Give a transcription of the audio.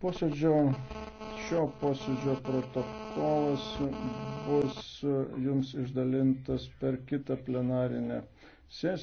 Posėdžio, šio posėdžio protokolas bus jums išdalintas per kitą plenarinę sesiją.